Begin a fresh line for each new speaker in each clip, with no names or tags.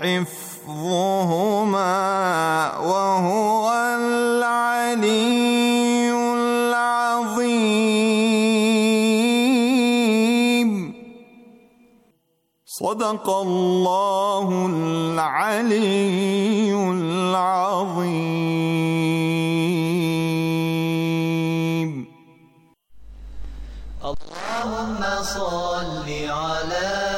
حفظهما وهو العلي العظيم صدق الله العلي العظيم اللهم صل على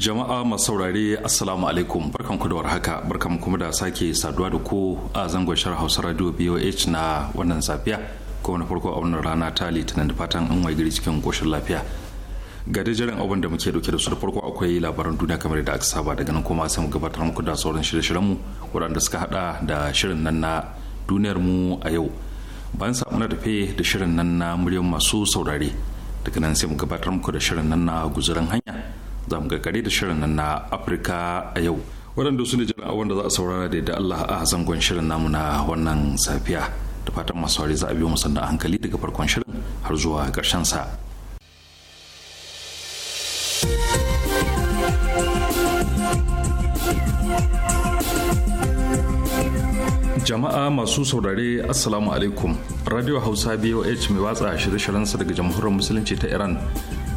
jama'a masu saurare assalamu alaikum barkan ku da warhaka barkan kuma da sake saduwa da ku a zangon shar hausa radio boh na wannan safiya ko wani farko a wannan rana ta litinin da fatan an wai gari cikin koshin lafiya ga dajeren abin da muke dauke da su da farko akwai labaran duniya kamar da aka saba daga nan kuma sai mu gabatar muku da sauran shirye-shiryen mu waɗanda suka hada da shirin nan na duniyar mu a yau bayan samu na tafe da shirin nan na muryar masu saurare daga nan sai mu gabatar muku da shirin nan na guzuran hanya za mu gargare da shirin nan na afirka a yau waɗanda su ne jira da za a saurara da yadda allah a zangon shirin namu na wannan safiya da fatan masu za a biyo mu sannan hankali daga farkon shirin har zuwa ƙarshen sa jama'a masu saurare assalamu alaikum radio hausa boh mai watsa shirye-shiryensa daga jamhuriyar musulunci ta iran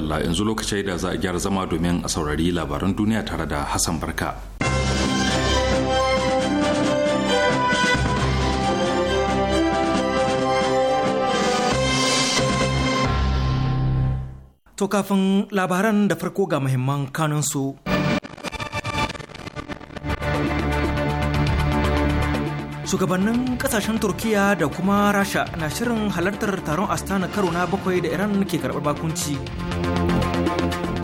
madalla yanzu lokacin da za a gyara zama domin a saurari labaran duniya tare da Hassan Barka.
To kafin labaran da farko ga muhimman kanunsu. shugabannin kasashen turkiya da kuma rasha na shirin halartar taron astana karo na bakwai da iran ke karɓar bakunci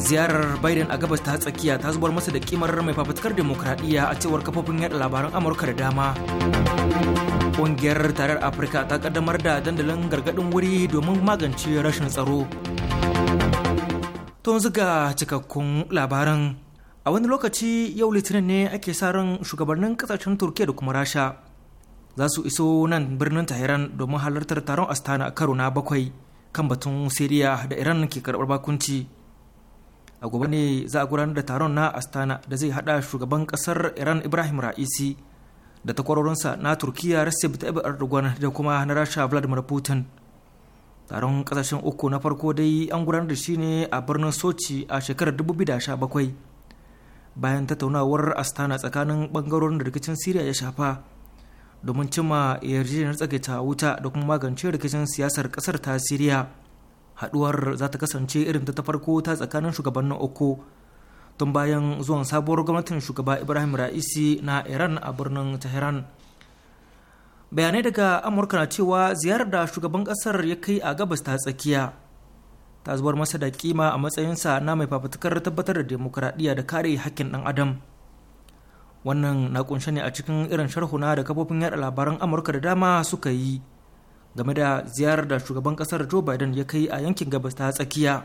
ziyarar biden a gabas ta tsakiya ta zubar masa da kimar mai fafutukar demokradiyya a cewar kafofin yada labaran amurka da dama ƙungiyar tarar afirka ta kaddamar da dandalin gargadin wuri domin magance rashin tsaro to ga cikakkun labaran a wani lokaci yau litinin ne ake sa ran shugabannin kasashen turkiya da kuma rasha za su iso nan birnin tahiran domin halartar taron astana karo na bakwai kan batun siriya da iran ke karɓar bakunci a gobe ne za a gudanar da taron na astana da zai hada shugaban kasar iran ibrahim ra'isi da takwarorinsa na turkiya recep tayyip erdogan da kuma na rasha vladimir putin taron kasashen uku na farko dai an gudanar da shi ne a birnin sochi a shekarar 2017 bayan tattaunawar astana tsakanin bangarorin da rikicin siriya ya shafa domin cimma yarjejeniyar tsagaita wuta da kuma magance rikicin siyasar kasar ta siriya haɗuwar za ta kasance irin ta farko ta tsakanin shugabannin uku tun bayan zuwan sabuwar gwamnatin shugaba ibrahim ra'isi na iran a birnin tehran bayanai daga amurka na cewa ziyarar da shugaban kasar ya kai a gabas ta tsakiya ta zubar masa da kima a matsayinsa na mai fafutukar tabbatar da demokuraɗiyya da kare hakkin ɗan adam wannan na kunshe ne a cikin irin sharhuna da kafofin yada labaran amurka da dama suka yi game da ziyarar da shugaban kasar joe biden ya kai a yankin gabas ta tsakiya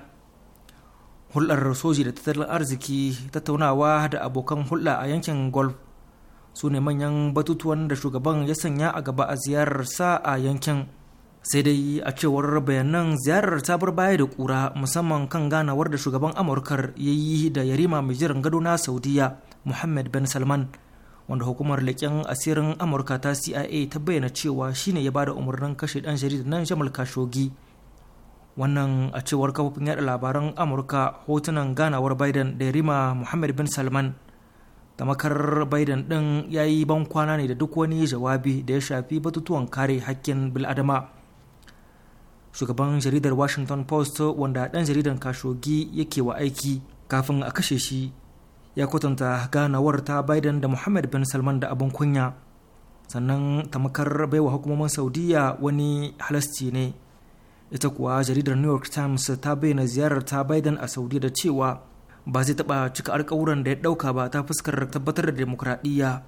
hulɗar soji da tattalin arziki tattaunawa da abokan hulɗa a yankin golf su ne manyan batutuwan da shugaban ya sanya a gaba a ziyararsa a yankin sai dai a cewar bayanan ziyarar ta bar baya da kura musamman kan ganawar da shugaban amurkar ya yi da yarima mai jiran gado na saudiya muhammad ben salman wanda hukumar leƙen asirin amurka ta cia ta bayyana cewa shine ya bada umarnin kashe dan jaridar nan jamal kashogi wannan a cewar kafofin yada labaran amurka hotunan ganawar biden da rima muhammad bin salman tamakar biden ɗin ya yi ban kwana ne da duk wani jawabi da ya shafi batutuwan kare hakkin biladama shugaban jaridar washington post wanda dan jaridan kashogi yake wa aiki kafin a kashe shi ya kwatanta ganawar ta biden da muhammad bin salman da abin kunya sannan tamakar baiwa hukumomin saudiya wani halasci ne ita kuwa jaridar new york times ta bayyana ziyarar ta biden a saudiya da cewa ba zai taɓa cika alkawuran da ya ɗauka ba ta fuskar tabbatar da demokradiyya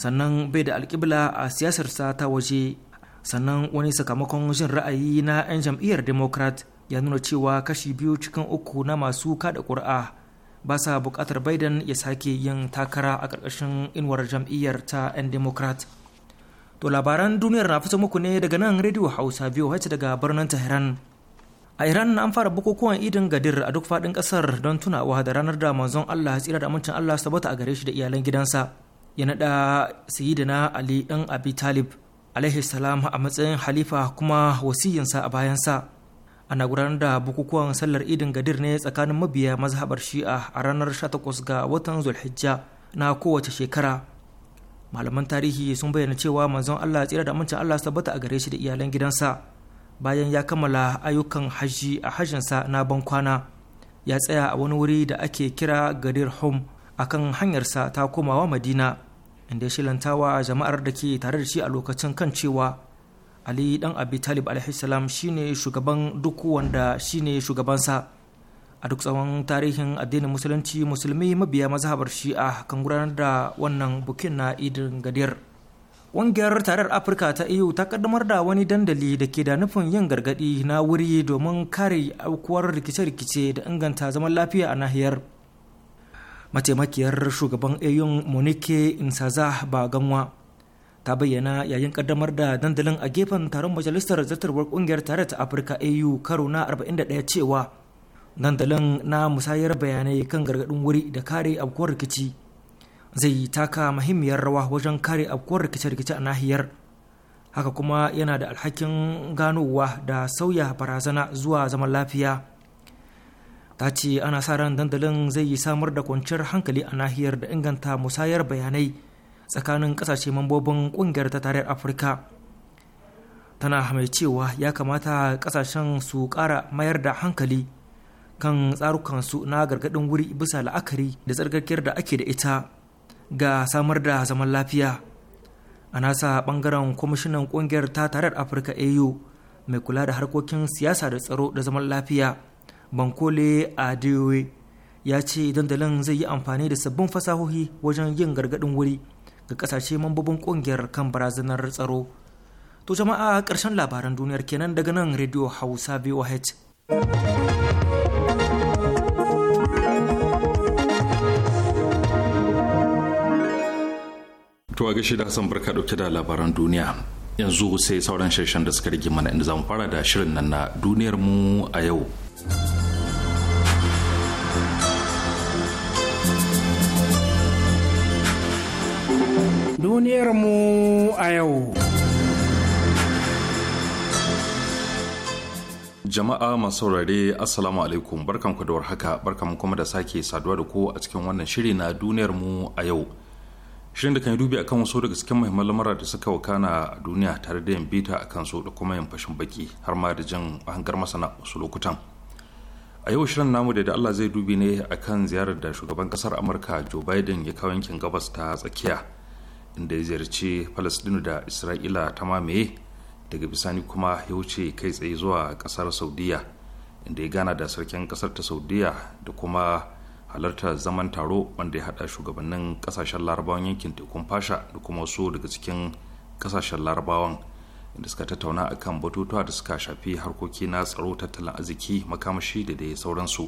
sannan bai da alkibla a siyasarsa ta waje sannan wani sakamakon jin ra'ayi na 'yan jam'iyyar democrat ya nuna cewa kashi biyu cikin uku na masu kada ƙuri'a ba sa bukatar biden ya sake yin takara a ƙarƙashin inuwar jam'iyyar ta 'yan democrat to labaran duniyar na fito muku ne daga nan radio hausa voh daga birnin tehran a iran an fara bukukuwan idin gadir a duk faɗin ƙasar don tunawa da ranar da manzon allah tsira da amincin allah sabata a gare shi da iyalan gidansa ya naɗa sayyidina ali ɗan abi talib alaihi salam a matsayin halifa kuma wasiyinsa a bayansa ana gudanar da bukukuwan sallar idin gadir ne tsakanin mabiya mazhabar shi'a a ranar 18 ga watan zulhijja na kowace shekara malaman tarihi sun bayyana cewa manzon allah tsira da amincin allah tabbata a gare shi da iyalan gidansa bayan ya kammala ayyukan hajji a hajjinsa na ban kwana ya tsaya a wani wuri da ake kira gadir hom a kan hanyarsa ta komawa madina inda ya shilantawa jama'ar da ke tare da shi a lokacin kan cewa ali dan abi talib alaihissalam shine shugaban duk wanda shine shugabansa a duk tsawon tarihin addinin musulunci musulmi mabiya mazhabar shi'a kan gudanar da wannan bukin na idin gadir ƙungiyar tarar afirka ta iyu e ta kaddamar da wani dandali da ke da nufin yin gargadi na wuri domin kare aukuwar rikice-rikice da inganta zaman lafiya a nahiyar mataimakiyar shugaban au e in insaza ba ganwa ta bayyana yayin kaddamar da dandalin a gefen taron majalisar zartarwar kungiyar tare ta afirka au karo na 41 cewa dandalin na musayar bayanai kan gargadin wuri da kare abkuwar rikici zai taka muhimmiyar rawa wajen kare abkuwar rikice-rikice a nahiyar haka kuma yana da alhakin ganowa da sauya barazana zuwa zaman lafiya ta ce ana sa ran dandalin zai samar da kwanciyar hankali a nahiyar da inganta musayar bayanai tsakanin kasashe mambobin kungiyar ta tarayyar afirka tana mai cewa ya kamata kasashen su kara mayar da hankali kan tsarukansu na gargadin wuri bisa la'akari da tsarkakiyar da ake da ita ga samar da zaman lafiya a nasa bangaren kwamishinan kungiyar ta tarayyar afirka au mai kula da harkokin siyasa da tsaro da zaman lafiya bankole adewe ya ce dandalin zai yi amfani da sabbin fasahohi wajen yin gargadin wuri ga kasashe mambobin kungiyar kan barazanar tsaro to jama'a karshen labaran duniyar kenan daga nan radio hausa voh
to a gashi da hassan barka dauke da labaran duniya yanzu sai sauran shirshen da suka rage mana inda zamu fara da shirin nan na duniyar mu a yau
Duniyarmu a yau.
Jama'a masu saurare Assalamu alaikum barkanku da warhaka barkanku kuma da sake saduwa da ku a cikin wannan shiri na duniyarmu a yau. Shirin da kan yi dubi a kan wasu daga cikin muhimman lamura da suka wakana a duniya tare da yin bita a kansu da kuma yin fashin baki har ma da jin hangar masana wasu lokutan. a yau shirin namu da Allah zai dubi ne akan ziyarar da shugaban kasar amurka joe biden ya kawo yankin gabas ta tsakiya inda ya ziyarci falasdinu da isra'ila ta mamaye daga bisani kuma ya wuce kai tsaye zuwa kasar saudiya inda ya gana da sarkin kasar ta saudiya da kuma halartar zaman taro wanda ya hada shugabannin kasashen larabawan yankin tekun fasha da kuma wasu daga cikin kasashen larabawan inda suka tattauna akan batutuwa da suka shafi harkoki na tsaro tattalin arziki makamashi da dai sauransu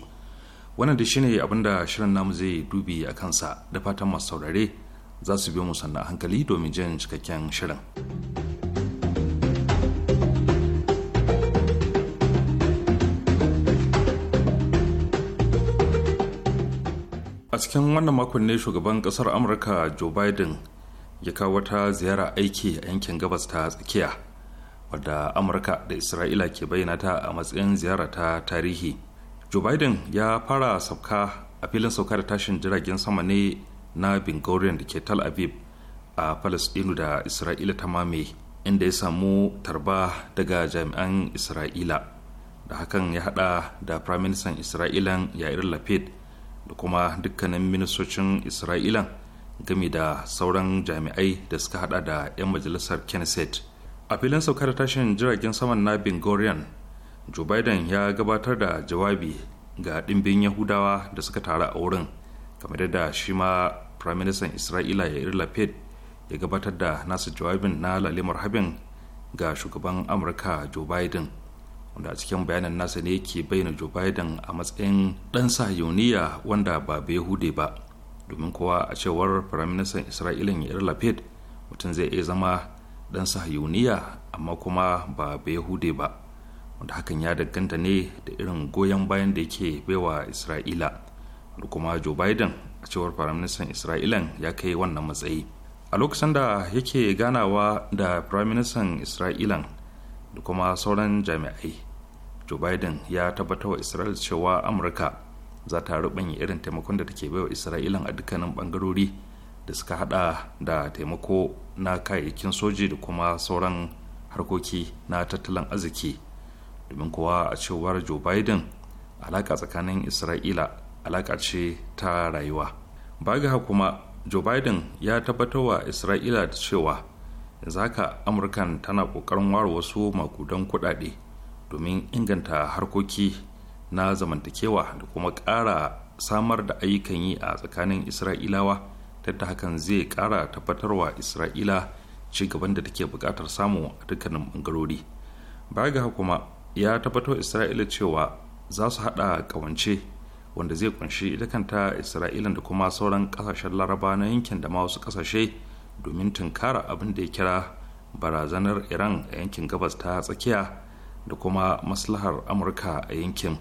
wannan da shine abinda shirin namu zai dubi a kansa da fatan masu saurare za su biyo mu sannan hankali domin jin cikakken shirin. a cikin wannan makon ne shugaban kasar amurka joe biden ya kawo wata ziyara aiki a yankin gabas ta tsakiya wadda amurka da isra'ila ke bayyana ta a matsayin ziyara ta tarihi joe biden ya fara sauka a filin sauka da tashin jiragen sama ne na bingoriyan da ke tal aviv a palestinu da isra'ila ta mame inda ya samu tarba daga jami'an isra'ila da hakan ya hada da firaministan isra'ilan yair lapid da kuma dukkanin ministocin isra'ilan game da sauran jami'ai da suka hada da 'yan majalisar kenneth a filin saukar tashin jiragen saman na bingoriyan joe biden ya gabatar da jawabi ga ɗimbin yahudawa da suka taru a wurin kamar da shi ma minister isra'ila yair lapid ya gabatar da nasa jawabin na lalimar habin ga shugaban amurka joe biden wanda a cikin bayanin nasa ne ke bayyana joe biden a matsayin dan sahiyoniya wanda ba bai hude ba domin kowa a cewar prime firaministan isra'ilin yair lapid mutum zai iya zama dan sahiyoniya amma kuma ba bai hude ba wanda hakan ya danganta ne da irin goyon bayan da yake baiwa isra'ila da kuma joe biden a cewar firaministan isra'ilan ya kai wannan matsayi a lokacin da yake ganawa da firaministan isra'ilan da kuma sauran jami'ai joe biden ya tabbatar wa isra'il cewa amurka za ta rubanya irin taimakon da take baiwa isra'ilan a dukkanin bangarori da suka hada da taimako na kayayyakin soji da kuma sauran harkoki na tattalin arziki domin kowa a cewar joe biden alaka tsakanin isra'ila alaƙa ce ta rayuwa baga kuma joe biden ya tabbatar wa isra'ila da cewa zaka ka amurkan tana ƙoƙarin ware wasu makudan kuɗaɗe domin inganta harkoki na zamantakewa da kuma ƙara samar da ayyukan yi a tsakanin isra'ilawa ta hakan zai ƙara tabbatar wa isra'ila ci gaban da take buƙatar samu a dukkanin ɓangarori baya ga kuma ya tabbatar isra'ila cewa za su haɗa ƙawance wanda zai kunshi ita kanta isra'ila da kuma sauran kasashen laraba na yankin da ma wasu kasashe domin tunkara abin da ya kira barazanar iran a yankin gabas ta tsakiya da kuma maslahar amurka a yankin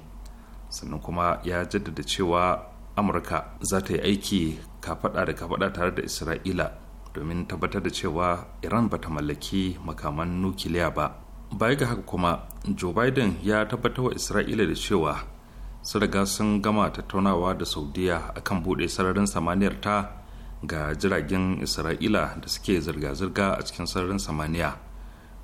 sannan kuma ya jaddada cewa amurka za ta yi aiki kafada da kafada tare da isra'ila domin tabbatar da cewa iran ba ta mallaki makaman nukiliya ba baya ga haka kuma joe biden ya tabbatar wa isra'ila da cewa su riga sun gama tattaunawa da saudiya kan buɗe sararin samaniyar ta ga jiragen isra'ila da suke zirga-zirga a cikin sararin samaniya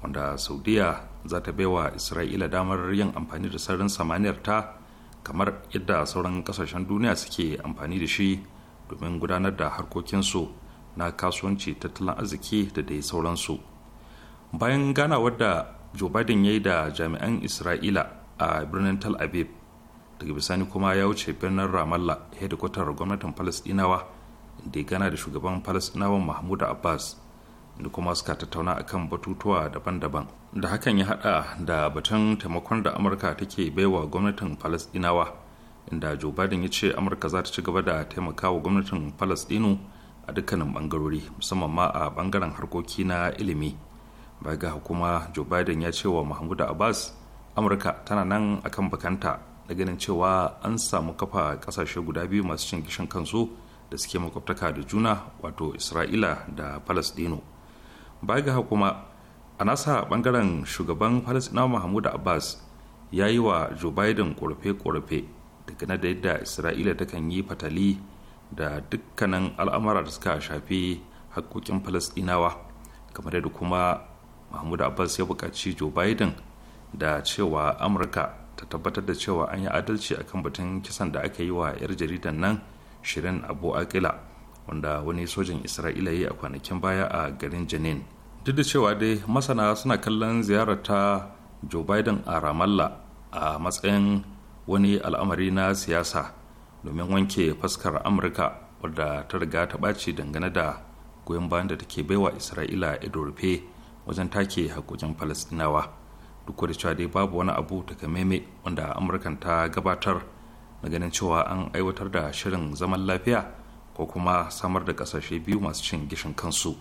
wanda saudiya za ta baiwa isra'ila damar yin amfani da sararin samaniyar ta kamar yadda sauran kasashen duniya suke amfani da shi domin gudanar da harkokinsu na kasuwanci tattalin arziki da dai sauransu bayan ganawar da joe biden ya yi da jami'an isra'ila a birnin tal aviv daga bisani kuma ya wuce birnin ramallah hedikwatar gwamnatin falasdinawa da gana da shugaban falasdinawan mahmud abbas da kuma suka tattauna a kan batutuwa daban-daban da hakan ya hada da batun taimakon da amurka take baiwa gwamnatin falasdinawa inda joe biden ya ce amurka za ta ci gaba da taimakawa gwamnatin falasdinu a dukkanin bangarori musamman ma a bangaren harkoki na ilimi baya ga hukuma joe biden ya ce wa mahmud abbas amurka tana nan akan bakanta da ganin cewa an samu kafa kasashe guda biyu masu cin gishin kansu da suke makwabtaka da juna wato isra'ila da palestino baya ga kuma a nasa bangaren shugaban palestina mahmud abbas ya yi wa joe biden korafe-korafe gane da yadda isra'ila kan yi fatali da dukkanin al'amara da suka shafi haƙoƙin palestinawa kamar yadda kuma mahmud abbas ya buƙaci joe biden da cewa amurka ta tabbatar da cewa an yi adalci a kan batun kisan da aka yi wa 'yar jaridan nan shirin abu akila wanda wani sojan isra'ila ya yi a kwanakin baya a garin janin duk da cewa dai masana suna kallon ziyarar ta joe biden a ramallah a matsayin wani al'amari na siyasa domin wanke fuskar amurka wadda ta riga ta ɓaci dangane da goyon bayan da take baiwa isra'ila ido rufe wajen take haƙoƙin falastinawa duk da cewa dai babu wani abu takamaime wanda amurkan ta gabatar na ganin cewa an aiwatar da shirin zaman lafiya ko kuma samar da kasashe biyu masu cin gishin kansu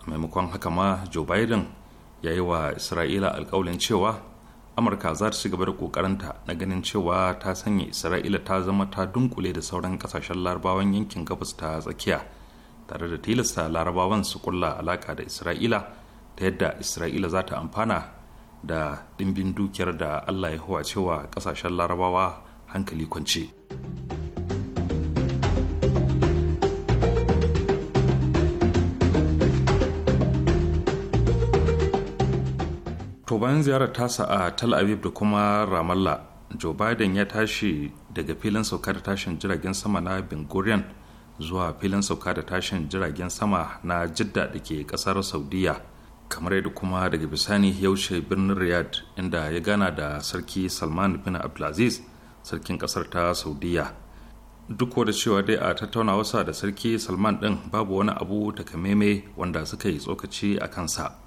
a maimakon haka ma joe biden ya yi wa isra'ila alkawalin cewa amurka za ta ci gaba da kokarinta na ganin cewa ta sanya isra'ila ta zama ta dunkule da sauran kasashen larabawan yankin gabas ta tsakiya tare da tilasta larabawan su kulla alaka da isra'ila ta yadda isra'ila za ta amfana da ɗimbin dukiyar da allah ya huwa cewa ƙasashen larabawa hankali kwance to bayan ziyarar tasa a tel aviv da kuma ramallah joe biden ya tashi daga filin sauka da tashin jiragen sama na ben zuwa filin sauka da tashin jiragen sama na jidda da ke kasar saudiyya. kamar yadda kuma daga bisani ya birnin riyad inda ya gana da sarki salman bin abdulaziz sarkin kasar ta saudiya duk da cewa dai a tattauna wasa da sarki salman din babu wani abu takamaime wanda suka yi tsokaci a kansa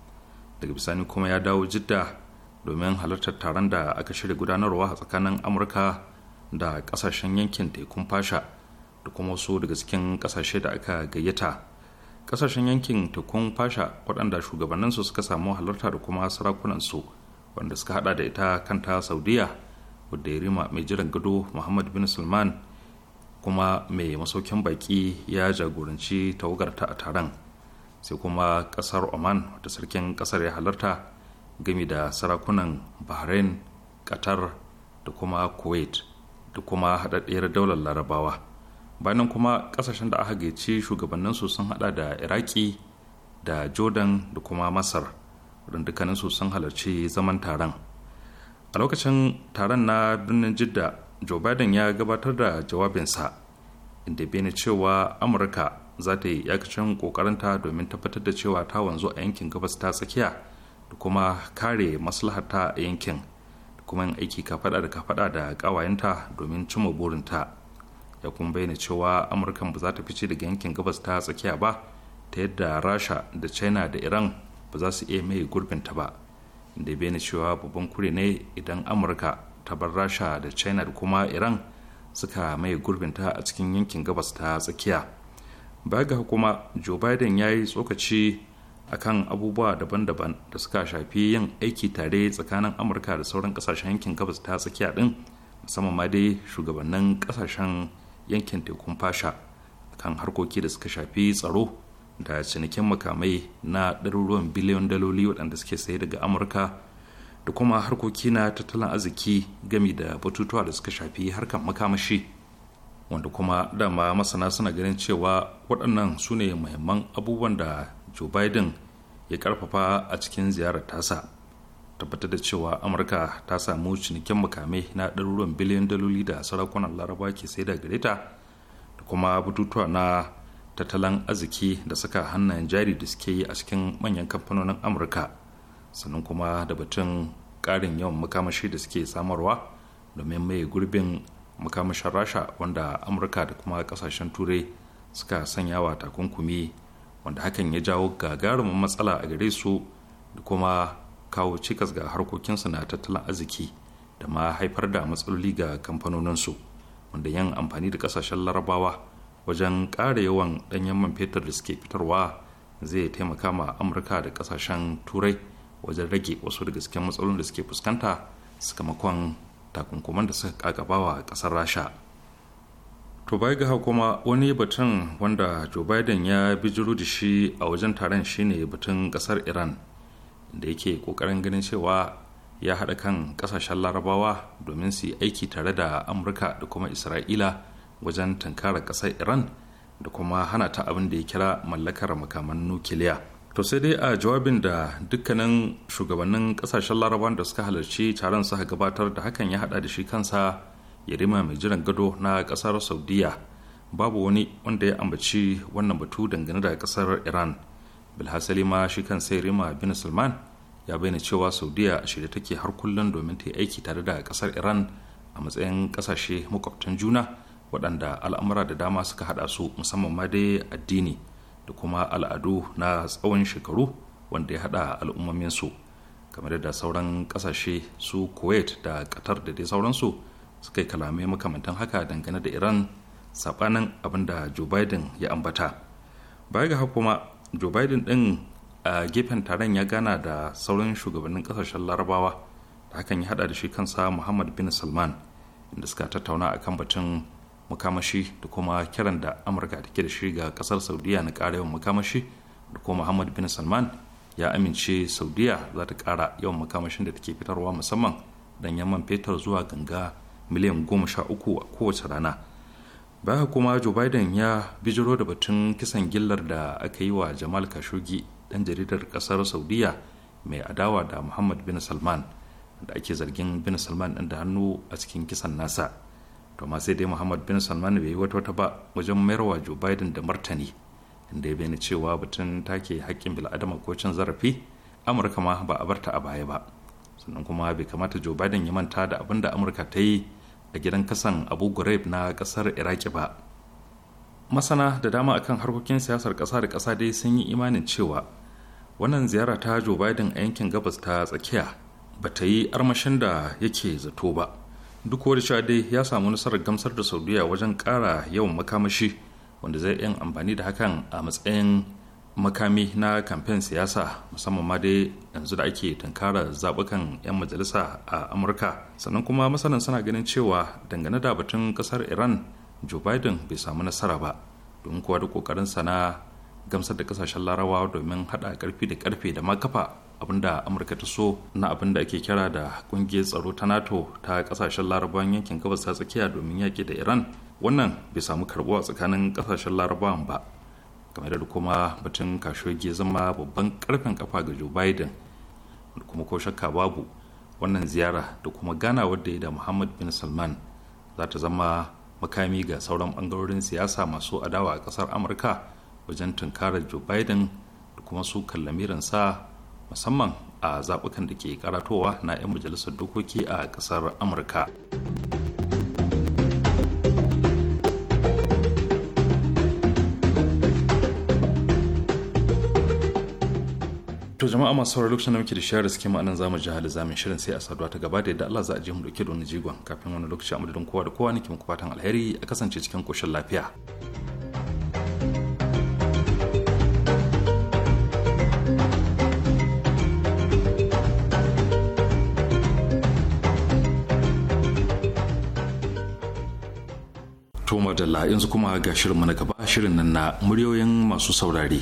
daga bisani kuma ya dawo jidda domin halartar taron da aka shirya gudanarwa a tsakanin amurka da kasashen yankin tekun fasha da kuma wasu daga cikin kasashe da aka gayyata kasashen yankin tekun fasha waɗanda shugabanninsu suka samu halarta da kuma sarakunansu wanda suka hada da ita kanta saudiya wadda ya rima mai jiran gado muhammad bin sulman kuma mai masaukin baki ya jagoranci tawagarta a taron sai kuma kasar oman wadda sarkin kasar ya halarta gami da sarakunan bahrain qatar da kuma kuwait da kuma haɗaɗɗiyar daular larabawa bayanan kuma kasashen da aka gaici shugabanninsu sun hada da iraki da jordan da kuma masar su sun halarci zaman taron a lokacin taron na birnin jidda joe biden ya gabatar da jawabinsa inda bene cewa amurka za ta yi yakacin kokarinta domin tabbatar da cewa ta wanzu a yankin gabas ta tsakiya da kuma kare maslahata a yankin da kuma yin aiki kafada da kafada da kawayenta domin cimma burinta ya kuma bayyana cewa amurkan ba za ta fice daga yankin gabas ta tsakiya ba ta yadda rasha da china da iran ba za su iya mai gurbinta ba inda bayyana cewa babban kure ne idan amurka ta bar rasha da china da kuma iran suka mai gurbinta a cikin yankin gabas ta tsakiya baya ga kuma joe biden ya yi tsokaci akan abubuwa daban-daban da suka shafi yin aiki tare tsakanin amurka da sauran kasashen yankin gabas ta tsakiya din musamman ma dai shugabannin kasashen yankin tekun fasha kan harkoki da suka shafi tsaro da cinikin makamai na ɗaruruwan biliyon daloli waɗanda suke saye daga amurka da kuma harkoki na tattalin arziki gami da batutuwa da suka shafi harkar makamashi wanda kuma dama masana suna ganin cewa waɗannan su ne muhimman abubuwan da joe biden ya karfafa a cikin ziyarar tasa tabbatar da cewa amurka ta samu cinikin makamai na ɗaruruwan biliyan daloli da sarakunan laraba ke sai da gare da kuma bututuwa na tattalin arziki da saka hannayen jari da suke yi a cikin manyan kamfanonin amurka sannan kuma da batun ƙarin yawan makamashi da suke samarwa domin mai gurbin makamashin rasha wanda amurka da kuma ƙasashen turai suka sanya wa takunkumi wanda hakan ya jawo gagarumin matsala a gare su da kuma kawo cikas ga harkokinsu na tattalin arziki da ma haifar da matsaloli ga kamfanoninsu wanda yin amfani da kasashen larabawa wajen ƙara yawan ɗanyen man fetur da suke fitarwa zai taimaka ma amurka da kasashen turai wajen rage wasu da cikin matsalolin da suke fuskanta sakamakon takunkuman da suka kagabawa ƙasar rasha to bai ga kuma wani batun wanda joe biden ya bijiro da shi a wajen taron shine batun ƙasar iran da yake kokarin ganin cewa ya haɗa kan ƙasashen larabawa domin su yi aiki tare da amurka da kuma isra'ila wajen tankara ƙasar iran da kuma hana ta abin da ya kira mallakar makaman nukiliya to sai dai a jawabin da dukkanin shugabannin ƙasashen larabawan da suka halarci taron suka gabatar da hakan ya haɗa da shi kansa yarima mai jiran gado na ƙasar saudiya babu wani wanda ya ambaci wannan batu dangane da ƙasar iran bilhassali ma shi kan sai rima bin salman ya bayyana cewa saudiya a shirye take har kullum domin ta yi aiki tare da kasar iran a matsayin kasashe makwabtan juna waɗanda al'amura da dama suka haɗa su musamman ma dai addini da kuma al'adu na tsawon shekaru wanda ya haɗa su kamar da sauran kasashe su kuwait da qatar da dai sauransu suka yi kalamai makamantan haka dangane da iran saɓanin abin da joe biden ya ambata baya ga kuma joe biden din a gefen taron ya gana da sauran shugabannin kasashen larabawa da hakan ya hada da shi kansa muhammad bin salman inda suka tattauna a kan batun mukamashi da kuma kiran da amurka take da shi ga kasar saudiya na kara yawan makamashi da kuma muhammad bin salman ya amince saudiya za ta kara yawan makamashin da take fitarwa musamman don yamman fetur zuwa ganga miliyan goma sha uku a kowace rana baya kuma joe biden ya bijiro da batun kisan gillar da aka yi wa jamal khashoggi dan jaridar ƙasar saudiyya mai adawa da muhammad bin salman da ake zargin bin salman ɗin da hannu a cikin kisan nasa to ma sai dai muhammad bin salman bai yi wata wata ba wajen mayarwa joe biden da martani inda ya bayyana cewa batun take haƙƙin bil'adama ko cin zarafi amurka ma ba a barta a baya ba sannan kuma bai kamata joe biden ya manta da abin da amurka ta yi a gidan kasan abu ghraib na kasar iraki ba masana da dama akan harkokin siyasar kasa da kasa dai sun yi imanin cewa wannan ziyara ta joe biden a yankin gabas ta tsakiya ba ta yi armashin da yake zato ba duk wani sha dai ya samu nasarar gamsar da saudiya wajen ƙara yawan makamashi wanda zai yi amfani da hakan a matsayin makami na kamfen siyasa musamman ma dai yanzu da ake tunkara zaɓukan 'yan majalisa a amurka sannan kuma masanan suna ganin cewa dangane da batun ƙasar iran joe biden bai samu nasara ba don kuwa da ƙoƙarinsa na gamsar da kasashen larawa domin haɗa karfi da karfe da makafa abinda amurka ta so na abinda ake kira da ƙungiyar tsaro ta nato ta ƙasashen larabawan yankin gabas ta tsakiya domin yaƙi da iran wannan bai samu karɓuwa tsakanin ƙasashen larabawan ba kamar da kuma batun kashoge zama babban karfin kafa ga joe biden da kuma ko shakka babu wannan ziyara da kuma gana wadda ya da muhammad bin salman za ta zama makami ga sauran bangarorin siyasa masu adawa a kasar amurka wajen tunkarar joe biden da kuma su sa musamman a zabukan da ke karatowa na 'yan majalisar dokoki a kasar amurka. jama'a masu sauraron lokacin da muke da shirin suke ma zamu ji hali zamin shirin sai a saduwa ta gaba da yadda Allah za a je mu dauke da wani jigon kafin wani lokaci a madadin kowa da kowa nake muku fatan alheri a kasance cikin koshin lafiya. To madalla yanzu kuma ga shirin na gaba shirin nan na muryoyin masu saurari.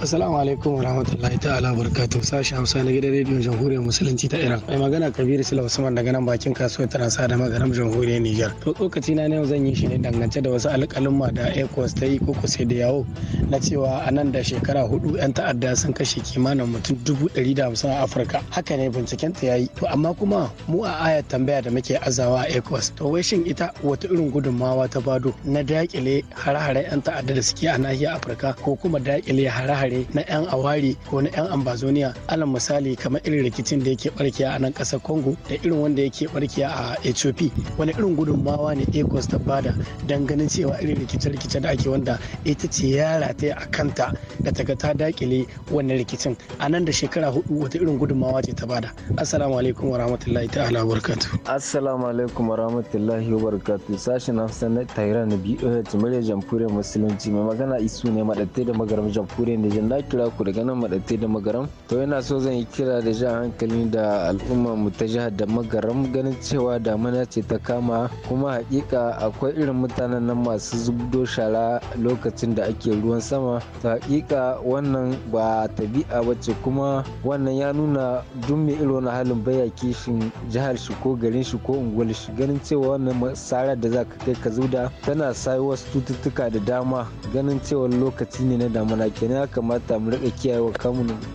Assalamu alaikum wa rahmatullahi ta'ala barkatu sashi Hausa na gidan rediyon Jamhuriyar Musulunci ta Iran. Mai magana Kabiru Sila Usman daga nan bakin kasuwar Taransa da magaram Jamhuriyar Nijar. To tsokaci na yau zan yi shi ne dangance da wasu alƙalumma da ECOWAS ta yi koko sai da yawo na cewa a nan da shekara hudu 'yan ta'adda sun kashe kimanin mutum dubu ɗari da hamsin a Afirka. Haka ne binciken ta yayi. To amma kuma mu a ayar tambaya da muke azawa a ECOWAS to wai shin ita wata irin gudunmawa ta bado na dakile hare-hare 'yan ta'adda da suke a nahiyar Afirka ko kuma dakile hare-hare hare na 'yan awari ko na 'yan ambazoniya alal misali kamar irin rikicin da yake barkiya a nan ƙasar congo da irin wanda yake barkiya a ethiopia wani irin gudunmawa ne ecos ta bada don ganin cewa irin rikice-rikice da ake wanda ita ce ya ta a kanta da ta ga ta dakile wannan rikicin a nan da shekara hudu wata irin gudunmawa ce ta bada assalamu alaikum wa rahmatullahi ta'ala wa barakatuh
assalamu alaikum wa rahmatullahi wa barakatuh sashen hausa na tairan ta muryar jamhuriyar musulunci mai magana isu ne madatai da jamfure jamhuriyar yanzu na kira ku daga nan madatte da magaram to yana so zan yi kira da jan hankali da al'umma mu ta jihar da magaram ganin cewa damana ce ta kama kuma hakika akwai irin mutanen nan masu zubdo shara lokacin da ake ruwan sama to hakika wannan ba tabi'a bace kuma wannan ya nuna duk mai irin wani halin baya kishin jihar shi ko garin shi ko unguwar shi ganin cewa wannan masarar da za ka kai ka zuda tana sayo wasu cututtuka da dama ganin cewa lokaci ne na damana kenan haka kamata mu rika kiyaye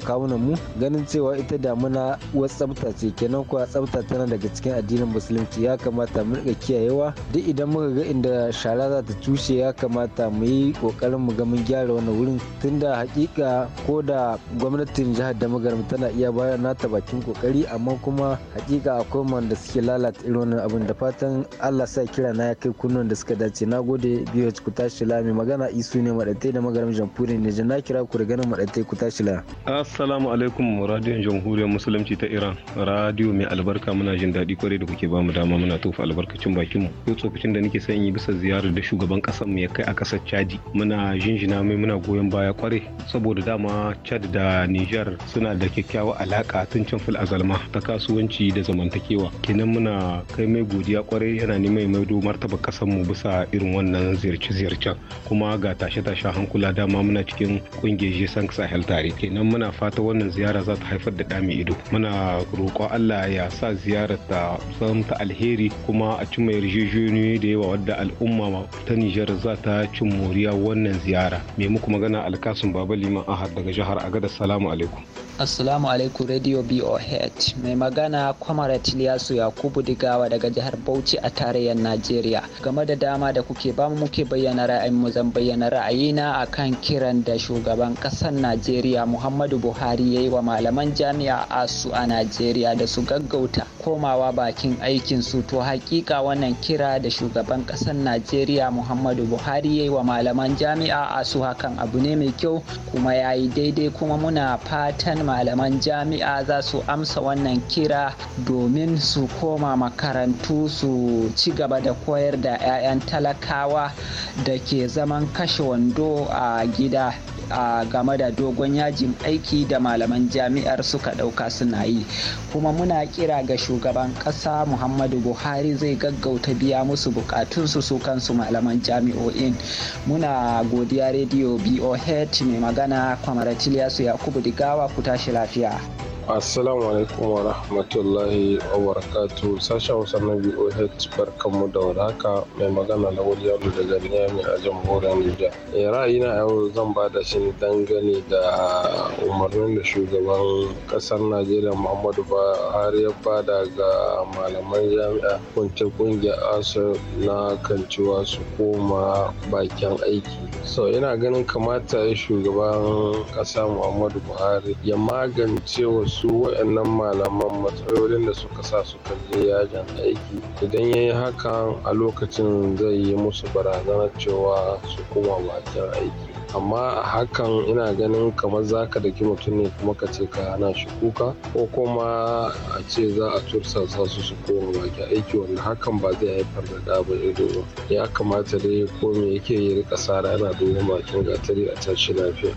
kawunan mu ganin cewa ita damuna wasu tsafta ce kenan kuwa tsafta tana daga cikin addinin musulunci ya kamata mu rika kiyayewa duk idan muka ga inda shara za ta tushe ya kamata mu yi kokarin mu ga mun gyara wannan wurin tunda hakika ko da gwamnatin jihar da magaram tana iya bayar nata bakin kokari amma kuma hakika akwai wanda suke lalata irin wannan abin da fatan Allah sa kira na ya kai kunnan da suka dace nagode biyu ku tashi lami magana isu ne madatai da magaram jamhuriyar Nijar na kira ku ganin maɗaitai ku tashi la.
Assalamu alaikum radiyon jamhuriyar musulunci ta Iran. Radiyo mai albarka muna jin daɗi kwarai da kuke bamu dama muna tofa albarkacin bakinmu. Yau tsofafin da nake son yi bisa ziyarar da shugaban ƙasar mu ya kai a ƙasar Chadi. Muna jinjina mai muna goyon baya kwarai saboda dama Chad da Niger suna da kyakkyawa alaka tun can fil azalma ta kasuwanci da zamantakewa. Kenan muna kai mai godiya kwarai yana neman maido martaba ƙasar mu bisa irin wannan ziyarce-ziyarcen kuma ga tashe-tashen hankula dama muna cikin ƙungiyar san sahel tare kenan muna fata wannan ziyara za ta haifar da dami ido muna roƙon allah ya sa ziyarar ta san ta alheri kuma a cimma yarjejeniyoyi da yawa wadda al'umma ta nijar za ta cin moriya wannan ziyara me muku magana alkasun baba liman ahad daga jihar agada salamu alaikum
assalamu alaikum radio boh mai magana kwamara tiliyasu yakubu digawa daga jihar bauchi a tarayyar najeriya game da dama da kuke bamu muke bayyana ra'ayin mu zan bayyana ra'ayina akan kiran da shugaban ƙasar najeriya muhammadu buhari ya yi wa malaman jami'a asu a najeriya da su gaggauta komawa bakin aikin su to hakika wannan kira da shugaban ƙasar najeriya muhammadu buhari ya yi wa malaman jami'a asu hakan abu ne mai kyau kuma ya yi daidai kuma muna fatan malaman jami'a za su amsa wannan kira domin su koma makarantu su ci gaba da koyar da 'ya'yan talakawa da ke zaman kashe wando a gida a game da dogon yajin aiki da malaman jami'ar suka ɗauka suna yi kuma muna kira ga shugaban ƙasa muhammadu buhari zai gaggauta biya musu bukatunsu su kansu malaman jami'o'in muna godiya rediyo boh mai magana kwamar yakubu digawa ku tashi lafiya
Assalamu alaikum wa rahmatullahi wa barakatu sashen Hausa na BOH mu da warhaka mai magana na Waliyalu daga Niyami a jamhuriyar Nijar. E, ra'ayina yau zan ba da shi dangane da umarnin da shugaban kasar Najeriya Muhammadu Buhari ya bada ga malaman jami'a kunce kungiyar ASU na kan cewa su koma bakin aiki. So ina ganin kamata shugaban kasa Muhammadu Buhari ya magance wasu su waɗannan malaman matsalolin da suka sa su je yajin aiki idan ya yi hakan a lokacin zai yi musu barazanar cewa su kuma bakin aiki amma a hakan ina ganin kamar za ka daki mutum ne kuma ka ce ka hana shi kuka ko kuma a ce za a tursasa su su koma baki aiki wanda hakan ba zai haifar da ɗaba ido ba ya kamata dai ko me yake yi rika sara yana duban bakin gatari a tashi lafiya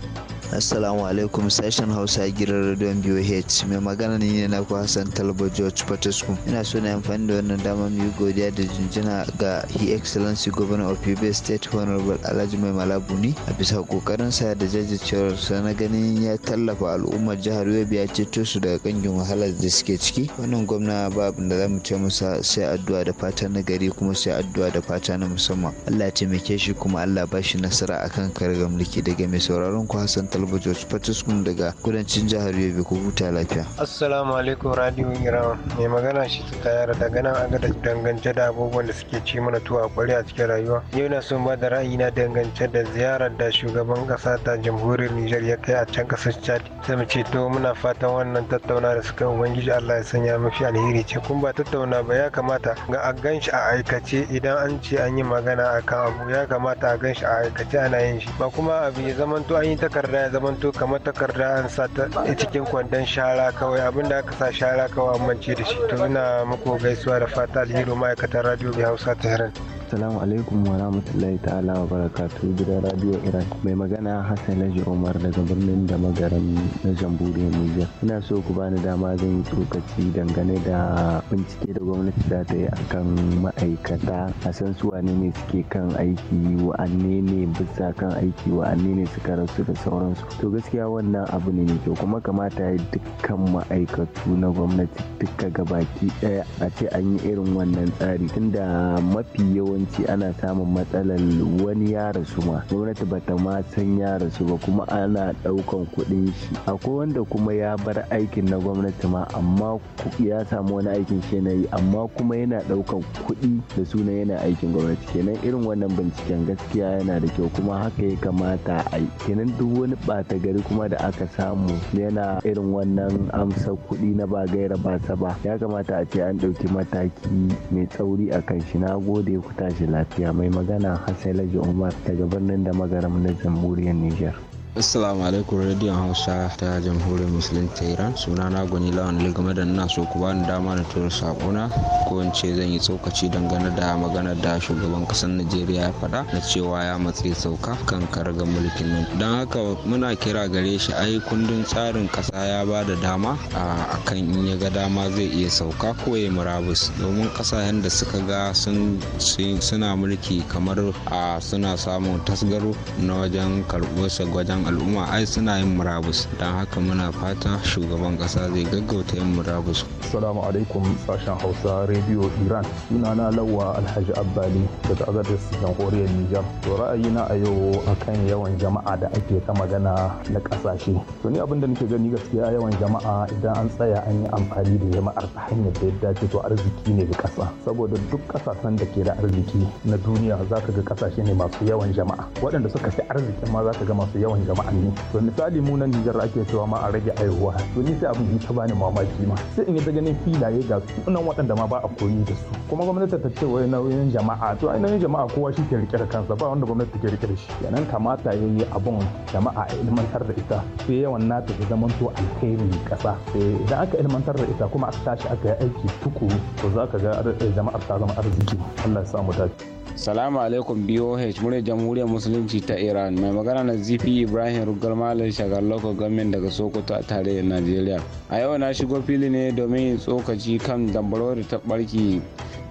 assalamu alaikum sashen hausa gidan radiyon boh George mai magana ne na ku Hassan Talba George Patescu. Ina so na amfani da wannan dama mu yi godiya da jinjina ga His Excellency Governor of Yobe State Honorable Alhaji Mai Malabuni a bisa kokarin sa da jajircewar sa na ganin ya tallafa al'ummar jihar Yobe ya ceto su daga kangin wahalar da suke ciki. Wannan gwamna ba abin da za mu ce masa sai addu'a da fata na gari kuma sai addu'a da fata na musamman. Allah ya taimake shi kuma Allah ba shi nasara akan karga mulki daga mai sauraron ku Hassan Talba George Patescu daga kudancin jihar Yobe ko huta lafiya.
Assalamu alaikum Radio Iran. Mai magana shi ta tayar daga nan a gada dangance da abubuwan da suke ci mana tuwa kwari a cikin rayuwa. Yau na son ba da ra'ayi na dangance da ziyarar da shugaban kasa ta jamhuriyar Nijar ya kai a can kasar Chad. Sai mu ce to muna fatan wannan tattauna da suka ubangiji Allah ya sanya mafi alheri ce kun ba tattauna ba ya kamata ga a gan a aikace idan an ce an yi magana a kan abu ya kamata a gan a aikace ana yin shi ba kuma abu ya zamanto an yi takarda ya zamanto kamar takarda an sa ta cikin kwandon sha shara kawai abin da aka sa shara kawai mance da shi to ina muku gaisuwa da fata alheri ma'aikatan radio bi hausa ta heran
Assalamu alaikum wa rahmatullahi ta'ala wa barakatuhu gidan Radio Iran. Mai magana Hassan Laji umar daga birnin da magaran na Jamhuriyar Nijar. Ina so ku bani dama zan yi tsokaci dangane da bincike da gwamnati za ta yi kan ma'aikata a san su wane ne suke kan aiki wa'anne ne bisa kan aiki wa'anne ne suka rasu da sauransu. To gaskiya wannan abu ne mai kyau kuma kamata ya dukkan ma'aikatu na gwamnati duka gabaki ɗaya a ce an yi irin wannan tsari tunda mafi yawan asibiti ana samun matsalar wani ya rasu ma gwamnati bata ma san ya rasu ba kuma ana ɗaukan kuɗin shi akwai wanda kuma ya bar aikin na gwamnati ma amma ya samu wani aikin shi na yi amma kuma yana ɗaukan kuɗi da suna yana aikin gwamnati kenan irin wannan binciken gaskiya yana da kyau kuma haka ya kamata a yi kenan duk wani ɓata gari kuma da aka samu yana irin wannan amsa kuɗi na ba gaira ba ba ya kamata a ce an ɗauki mataki mai tsauri akan kan shi na gode ku tashi lafiya mai magana Hassan Laji Umar daga birnin da magaram na jamhuriyar Nijar.
assalamu alaikum
radiyon hausa ta jamhuriyar musulun ta iran suna na gwani lawan game da ina so ku bani dama na tura sakona ko in ce zan yi tsokaci dangane da maganar da shugaban kasar najeriya ya faɗa na cewa ya matsi sauka kan karagar mulkin nan don haka muna kira gare shi ai kundin tsarin kasa ya ba da dama a kan in ya ga dama zai iya sauka ko ya murabus domin kasashen da suka ga suna mulki kamar a suna samun tasgaro na wajen karɓarsa wajen al'umma ai suna yin murabus don haka muna fata shugaban kasa zai gaggauta yin murabus. salamu alaikum
sashen Hausa rediyo Iran sunana Lawa Alhaji Abbali daga Agadez Jamhuriyar Nijar. To ra'ayina a yau akan yawan jama'a da ake ta magana na kasashe To ni abin da nake gani gaskiya yawan jama'a idan an tsaya an yi amfani da jama'ar ta hanyar da ya dace to arziki ne ga kasa Saboda duk kasashen da ke da arziki na duniya za ka ga kasashe ne masu yawan jama'a. Waɗanda suka fi arzikin ma za ka ga masu yawan jama'a. jama'an ne to misali mu nan Nijar ake cewa ma a rage aihuwa to ni sai abin ta bani mamaki ma sai in yi ta ganin filaye ga sunan waɗanda ma ba a koyi da su kuma gwamnati ta ce wai nauyin jama'a to ai nauyin jama'a kowa shi ke rike da kansa ba wanda gwamnati ke rike da shi kenan kamata ya yi abun jama'a a ilmantar da ita sai yawan nata ta zama to alkhairin ƙasa eh, idan aka ilmantar da ita kuma aka tashi aka yi aiki tukuru to za ka ga jama'ar ta zama arziki Allah ya sa mu dace
salamu alaikum boh murya jamhuriyar musulunci ta iran mai magana na zifi ibrahim rugar malam shagar local government daga sokoto a tarayyar najeriya a yau na shigo fili ne domin yin tsokaci kan dambarwar ta barki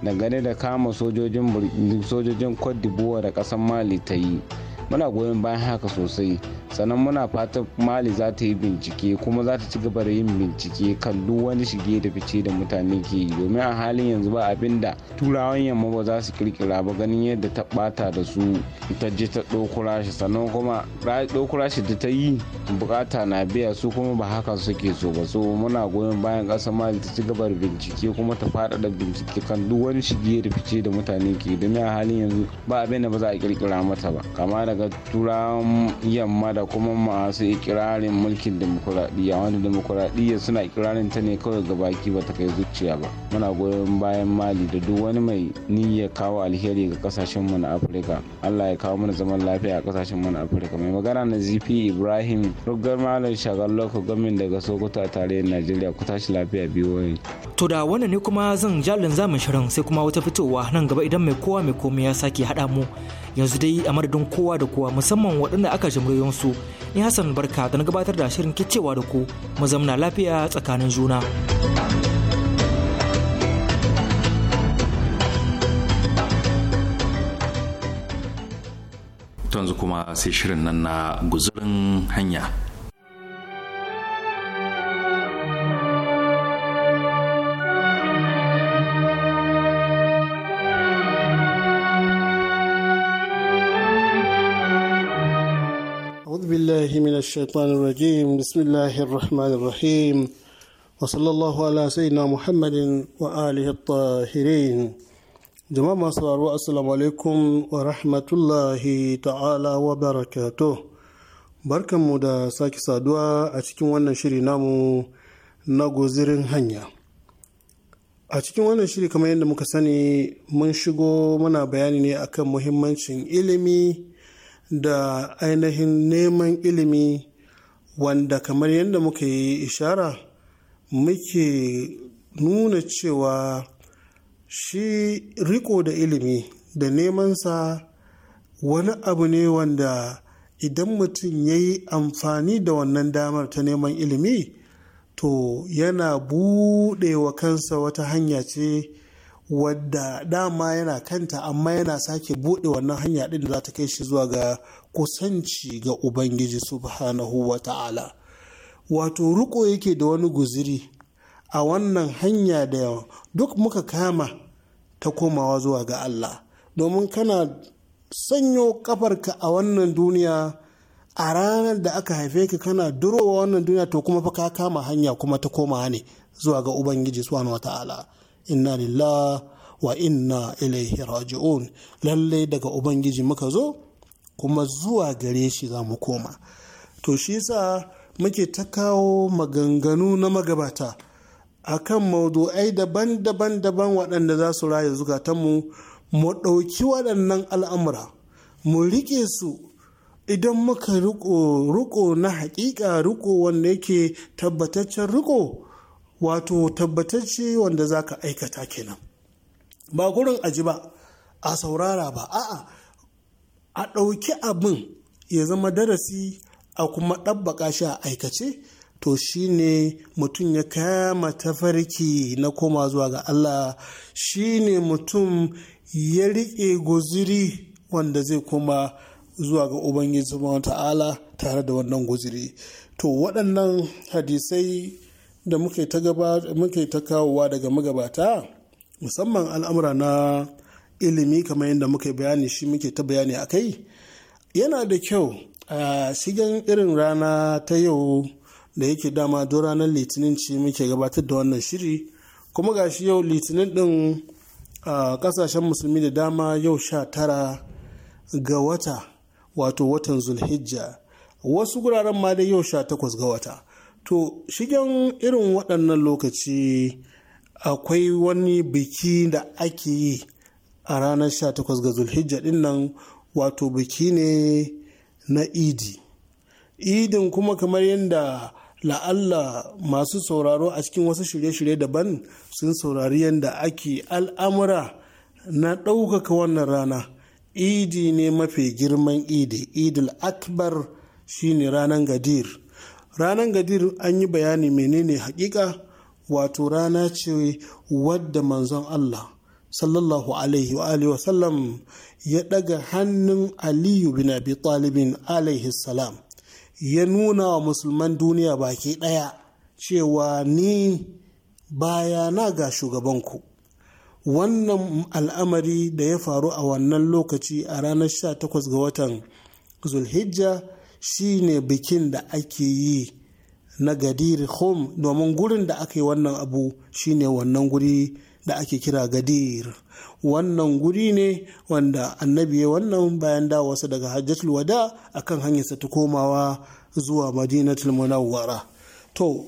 dangane da kama sojojin cote d'ivoire da kasar mali ta yi muna goyon bayan haka sosai sannan muna fata mali za ta yi bincike kuma za ta ci gaba da yin bincike kan duk wani shige da fice da mutane ke yi domin a halin yanzu ba abin da turawan yamma ba za su kirkira ba ganin yadda ta bata da su ta je ta ɗaukura shi sannan kuma ɗaukura shi da ta yi bukata na biya su kuma ba haka suke so ba so muna goyon bayan ƙasa mali ta ci gaba da bincike kuma ta faɗaɗa bincike kan duk wani shige da fice da mutane ke domin a halin yanzu ba abin da ba za a kirkira mata ba kama da daga turawan yamma da kuma masu ikirarin mulkin demokuraɗiyya wanda demokuraɗiyya suna ikirarin ta ne kawai ga baki ba ta kai zuciya ba muna goyon bayan mali da duk wani mai niyyar kawo alheri ga kasashen mu na afirka allah ya kawo mana zaman lafiya a kasashen mu na afirka mai magana na zp ibrahim rugar malam shagallo ku gamin daga sokoto a tarayyar najeriya ku tashi lafiya biyu
to da wannan ne kuma zan jalin zamu shirin sai kuma wata fitowa nan gaba idan mai kowa mai komai ya sake haɗa mu yanzu dai a madadin kowa da kowa musamman waɗanda aka jimriyon su ni hassan barka da na gabatar da shirin kicewa da ku mu zamna lafiya tsakanin juna
yanzu kuma sai shirin nan na guzurin hanya
الشيطان الرجيم بسم الله الرحمن الرحيم وصلى الله على سيدنا jama'a masu sauraro assalamu alaikum wa rahmatullahi ta'ala wa Barkan mu da sake saduwa a cikin wannan shiri namu na gozirin hanya a cikin wannan shiri kamar yadda muka sani mun shigo muna bayani ne akan muhimmancin ilimi da ainihin neman ilimi wanda kamar yadda muka yi ishara muke nuna cewa shi riko da ilimi da nemansa wani abu ne wanda idan mutum ya yi amfani da wannan damar ta neman ilimi to yana buɗe wa kansa wata hanya ce wadda dama yana kanta amma yana sake buɗe wannan hanya ɗin da za ta kai shi zuwa ga kusanci ga ubangiji subhanahu wa ta'ala wato ruko yake da wani guziri a wannan hanya da yawa duk muka kama ta komawa zuwa ga allah domin kana sanyo kafarka a wannan duniya a ranar da aka haife ka kana durowa wannan duniya to kuma fa ka kama hanya kuma ta koma ne zuwa ga ubangiji subhanahu wa ta'ala inna lillah wa inna ilaihi raji'un lalle daga ubangiji muka zo kuma zuwa gare shi za mu koma to shi yasa muke ta kawo maganganu na magabata a kan maudu'ai daban-daban daban waɗanda za su raya zukatanmu mu ɗauki waɗannan al'amura mu riƙe su idan muka riko na haƙiƙa riko wanda yake tabbataccen riko wato tabbatacce wanda za ka aikata kenan ba gurin aji ba a saurara ba a'a a ɗauki abin ya zama darasi a kuma ɗabbaƙa shi a aikace to shine mutum ya kama tafarki na koma zuwa ga Allah shine mutum ya riƙe guziri wanda zai koma zuwa ga Ubangiji subhanahu ta'ala tare da wannan guziri to waɗannan hadisai da muke ta kawowa daga magabata musamman al'amura na ilimi kamar yadda muke bayani shi muke ta bayani a kai yana da kyau a shigan irin rana ta yau da yake dama don ranar litinin ci muke gabatar da wannan shiri kuma ga shi yau litinin din a kasashen musulmi da dama yau sha tara ga wata wato watan zulhijja wasu guraren ma dai yau sha takwas ga wata To shigen irin waɗannan lokaci akwai wani biki da ake yi a ranar 18 ga Zulhijja ɗin nan wato biki ne na idi. Idin kuma kamar yadda la'alla masu sauraro a cikin wasu shirye-shirye daban sun saurari yadda ake al'amura na ɗaukaka wannan rana. Idi ne mafi girman idi, idil akbar shine ranar gadir. ranar gadir an yi bayani menene hakika wato rana ce wadda manzon Allah sallallahu alaihi wa alihi wasallam ya daga hannun aliyu bin abi talibin alaihi salam ya nuna wa musulman duniya baki daya cewa ni bayana ga shugabanku wannan al'amari da ya faru a wannan lokaci a ranar 18 ga watan zulhijja ne bikin da ake yi na gadir hom domin gurin da aka wannan abu shine wannan guri da ake kira gadir wannan guri ne wanda annabi ya wannan bayan dawasa daga hajjatul wada akan hanyarsa ta komawa zuwa madinatul munawwara to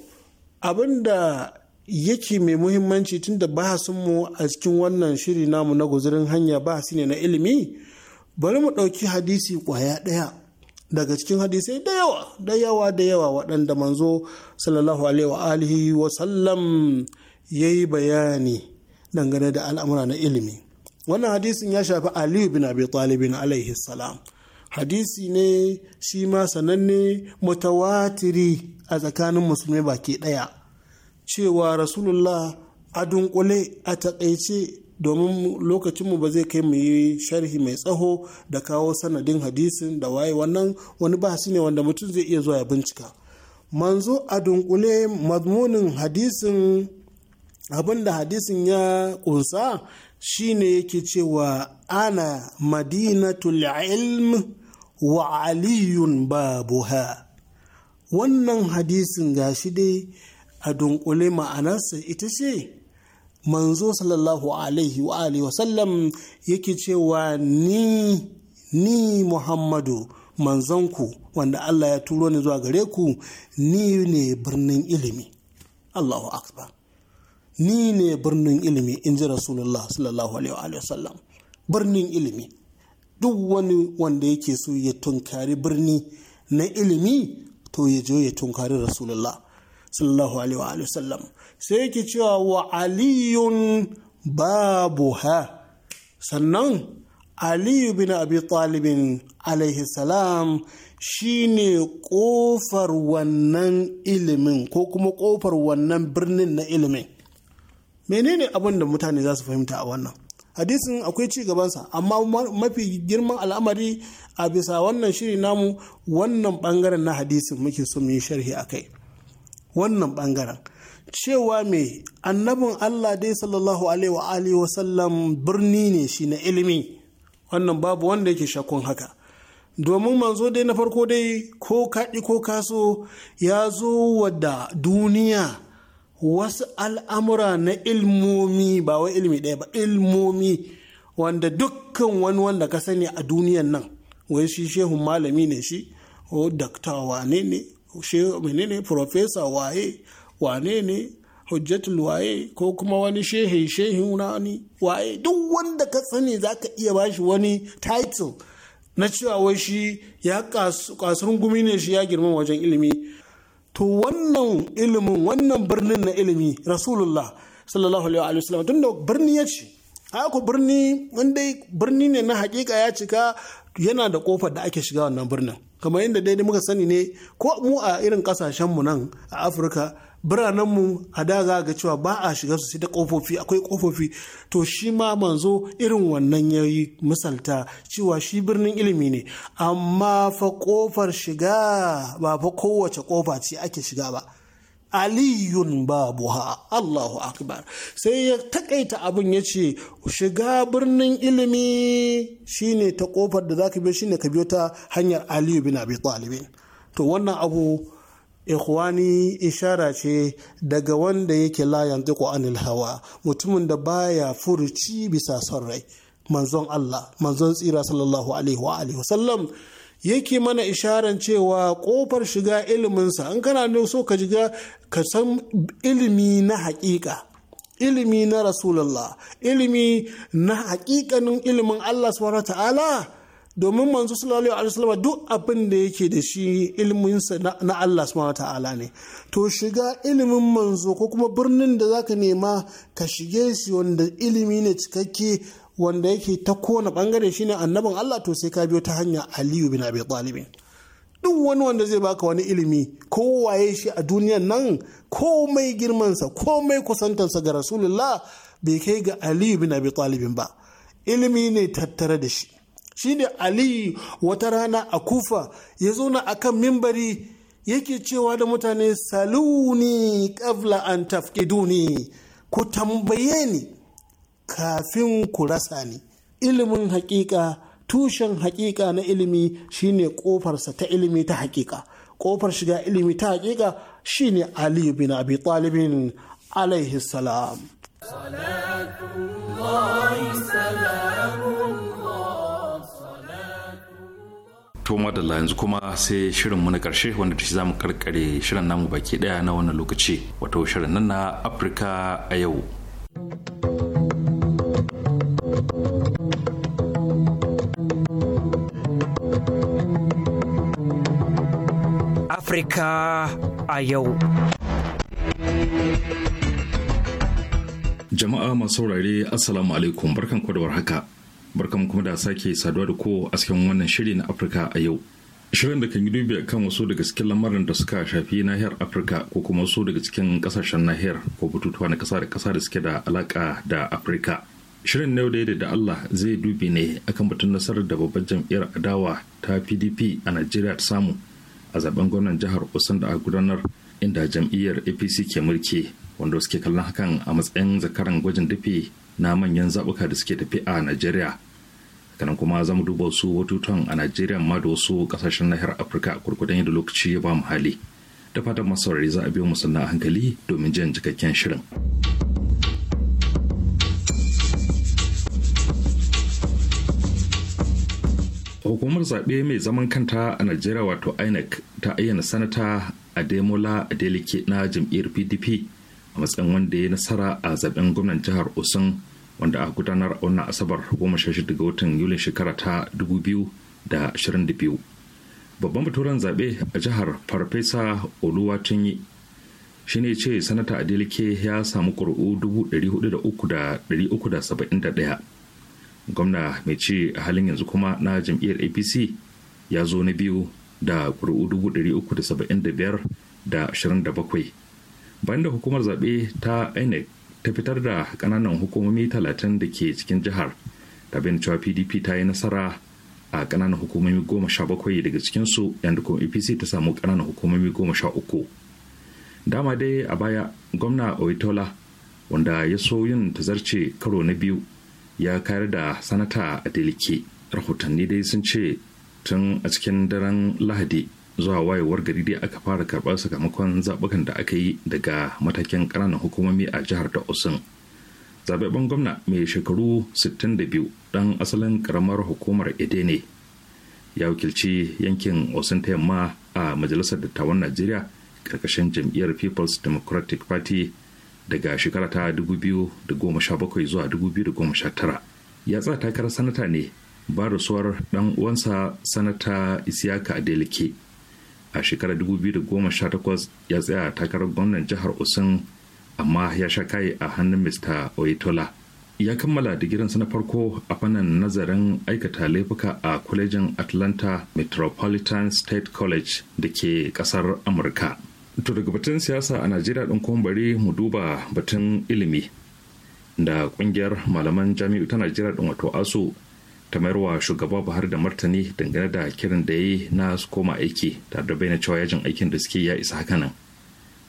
abinda yake mai muhimmanci tunda mu a cikin wannan shiri namu na guzurin hanya ba ne na ilimi bari mu ɗauki hadisi ƙwaya ɗaya daga cikin hadisai da yawa da yawa da yawa waɗanda manzo sallallahu alaihi wa alihi wa sallam ya yi bayani dangane da al'amura na ilimi wannan hadisin ya shafi aliyu bin abi talibin alaihi salam hadisi ne shi ma sananne mutawatiri a tsakanin musulmi baki ɗaya cewa rasulullah a dunkule a taƙaice domin lokacinmu ba zai kai mu yi sharhi mai tsaho da kawo sanadin hadisin da waye wannan wani bahasi ne wanda mutum zai iya zuwa ya bincika manzo a dunkule mazmunin hadisin abin da hadisin ya kunsa shine yake cewa ana madinatul ilm wa aliyun babuha wannan hadisin gashi dai a dunkule ma'anarsa ita ce manzo sallallahu alaihi wa alihi yake cewa ni ni muhammadu manzonku wanda allah ya turo ni zuwa gare ku ni ne birnin ilimi allahu akbar ni ne birnin ilimi in ji rasulullah sallallahu alaihi wa sallam birnin ilimi duk wani wanda yake so ya tunkari birni na ilimi to ya je ya tunkari rasulullah sallallahu alaihi wa sallam sai yake cewa wa aliyun babuha sannan aliyu bin abi talibin alaihi salam ne kofar wannan ilimin ko kuma kofar wannan birnin na ilimin menene abin da mutane za su fahimta a wannan hadisin akwai ci gabansa amma mafi girman al'amari a bisa wannan shiri namu wannan bangaren na hadisin muke so mu yi sharhi kai. wannan bangaren cewa mai annabin Allah dai sallallahu alaihi wa sallam birni ne shi na ilimi wannan babu wanda yake shakkun haka domin manzo dai na farko dai ko kaɗi ko kaso ya zo wadda duniya wasu al'amura na ilmomi ba wai ilmi ɗaya ba ilmomi wanda dukkan wani wanda ka sani a duniyan nan wai shi shehun malami ne shi o daktawa ne ne shi menene profesa waye wane ne hujjatul waye ko kuma wani shehe shehin wani waye duk wanda ka sani zaka iya bashi wani title na cewa wai shi ya gumi ne shi ya girma wajen ilimi to wannan ilimin wannan birnin na ilimi rasulullah sallallahu alaihi wa sallam. Tunda birni ya ce haka birni wanda birni ne na hakika ya cika yana da kofar da ake shiga wannan birnin kamar yadda daidai muka sani ne ko mu a irin mu nan a afirka biranenmu a da za ga cewa ba a shiga su sai ta kofofi akwai kofofi to shi ma manzo irin wannan ya yi misalta cewa shi birnin ilimi ne amma fa kofar shiga ba fa kowace kofa ce ake shiga ba aliyun babuha Allahu akbar sai ya takaita abin ya ce shiga birnin ilimi shine ta kofar da zaka bi shine ka biyo ta hanyar aliyu bin abi talibin to wannan abu ikhwani ishara ce daga wanda yake la yantiqu anil hawa mutumin da baya furuci bisa son rai manzon Allah manzon tsira sallallahu alaihi wa alihi yake mana isharan cewa kofar shiga iliminsa in kana ne so ka shiga ka san ilimi na haƙiƙa ilimi na rasulallah ilimi na haƙiƙanin ilimin allah subhanahu ta'ala domin manzo sallallahu alaihi wasallam duk abin da yake da shi ilminsa na Allah subhanahu ta'ala ne to shiga ilimin manzo ko kuma birnin da zaka nema ka shige shi wanda ilimi ne cikakke wanda yake ta kona bangare shine annabin Allah to sai ka biyo ta hanya Aliyu bin Abi Talib duk wani wanda zai baka wani ilimi ko waye shi a duniyan nan komai girmansa komai kusantansa ga rasulullah bai kai ga Aliyu bin Abi Talib ba ilimi ne tattare da shi shine Aliyu wata rana a Kufa ya na akan mimbari yake cewa da mutane saluni qabla an tafqiduni ku tambaye ni kafin ku rasa ni ilimin hakika tushen hakika na ilimi shine kofarsa ta ilimi ta hakika kofar shiga ilimi ta hakika shine ali bin abi talibin alaihi salam
To madalla yanzu kuma sai shirin mu na karshe wanda ta shi mu karkare shirin namu baki daya na wannan lokaci wato shirin nan na Afirka a yau.
Afirka a yau.
Jama'a masu saurare Assalamu alaikum barkan kwadawar haka warhaka. Barkan kuma da sake saduwa da ko a cikin wannan shiri na Afirka a yau. Shirin da kan yi dubi kan wasu daga cikin lamarin da suka shafi nahiyar Afirka ko kuma wasu daga cikin kasashen nahiyar ko bututuwa na kasa da kasa da suke da alaka da Afirka. shirin na da da Allah zai dubi ne akan batun nasarar da babbar jam'iyyar adawa ta PDP a Najeriya ta samu a zaben gwamnan jihar Osun da a gudanar inda jam'iyyar APC ke mulki wanda suke kallon hakan a matsayin zakaran gwajin dafe na manyan zabuka da suke tafi a Najeriya. kanan kuma zamu duba wasu batutuwan a Najeriya ma da wasu kasashen nahiyar Afirka a kurkudan yadda lokaci ya ba mu hali. Da fatan masaurari za a biyo mu sannan a hankali domin jin cikakken shirin. hukumar zaɓe mai zaman kanta a najeriya wato inec ta ayyana sanata ademola delike na jam'iyyar pdp a matsayin wanda ya nasara a zaben gwamnan jihar osun wanda a gudanar a wannan asabar goma sha shida ga watan yulin shekara ta 2022 babban baturan zaɓe a jihar farfesa tunyi shi ne ce sanata delike ya samu ƙuri'u dubu gwamna mai ce a halin yanzu kuma na jam'iyyar apc ya zo na biyu da ƙuri'u 375 da 27 bayan da hukumar zaɓe ta inec ta fitar da ƙananan hukumomi 30 da ke cikin jihar da bin cewa pdp ta yi nasara a ƙananan hukumomi goma sha 17 daga cikinsu yadda kuma apc ta samu ƙananan hukumomi goma 13 dama dai a baya gwamna oitola wanda ya so yin tazarce karo na biyu ya kayar da sanata a delike rahotanni dai sun ce tun a cikin daren lahadi zuwa wayewar gari dai aka fara karɓar sakamakon zaɓukan da aka yi daga matakin ƙananan hukumomi a jihar ta osun zaɓaɓɓen gwamna mai shekaru 62 ɗan asalin ƙaramar hukumar edene ya wakilci yankin osun ta yamma a majalisar dattawan najeriya ƙarƙashin jam'iyyar people's democratic party daga shekara ta 2017 zuwa 2019 ya tsaya takarar sanata ne ba rasuwar dan uwansa sanata isiyaka adeleke a shekarar 2018 ya tsaya takarar gwamnan jihar osun amma ya sha kai a hannun mr oyetola ya kammala digirin na farko a fannin nazarin aikata laifuka a kwalejin atlanta metropolitan state college da ke kasar amurka to daga batun siyasa a najeriya ɗin kuma bari mu duba batun ilimi da ƙungiyar malaman jami'u ta najeriya ɗin wato asu ta mayar wa shugaba buhari da martani dangane da kiran da ya yi na su koma aiki tare da na cewa yajin aikin da suke ya isa hakanan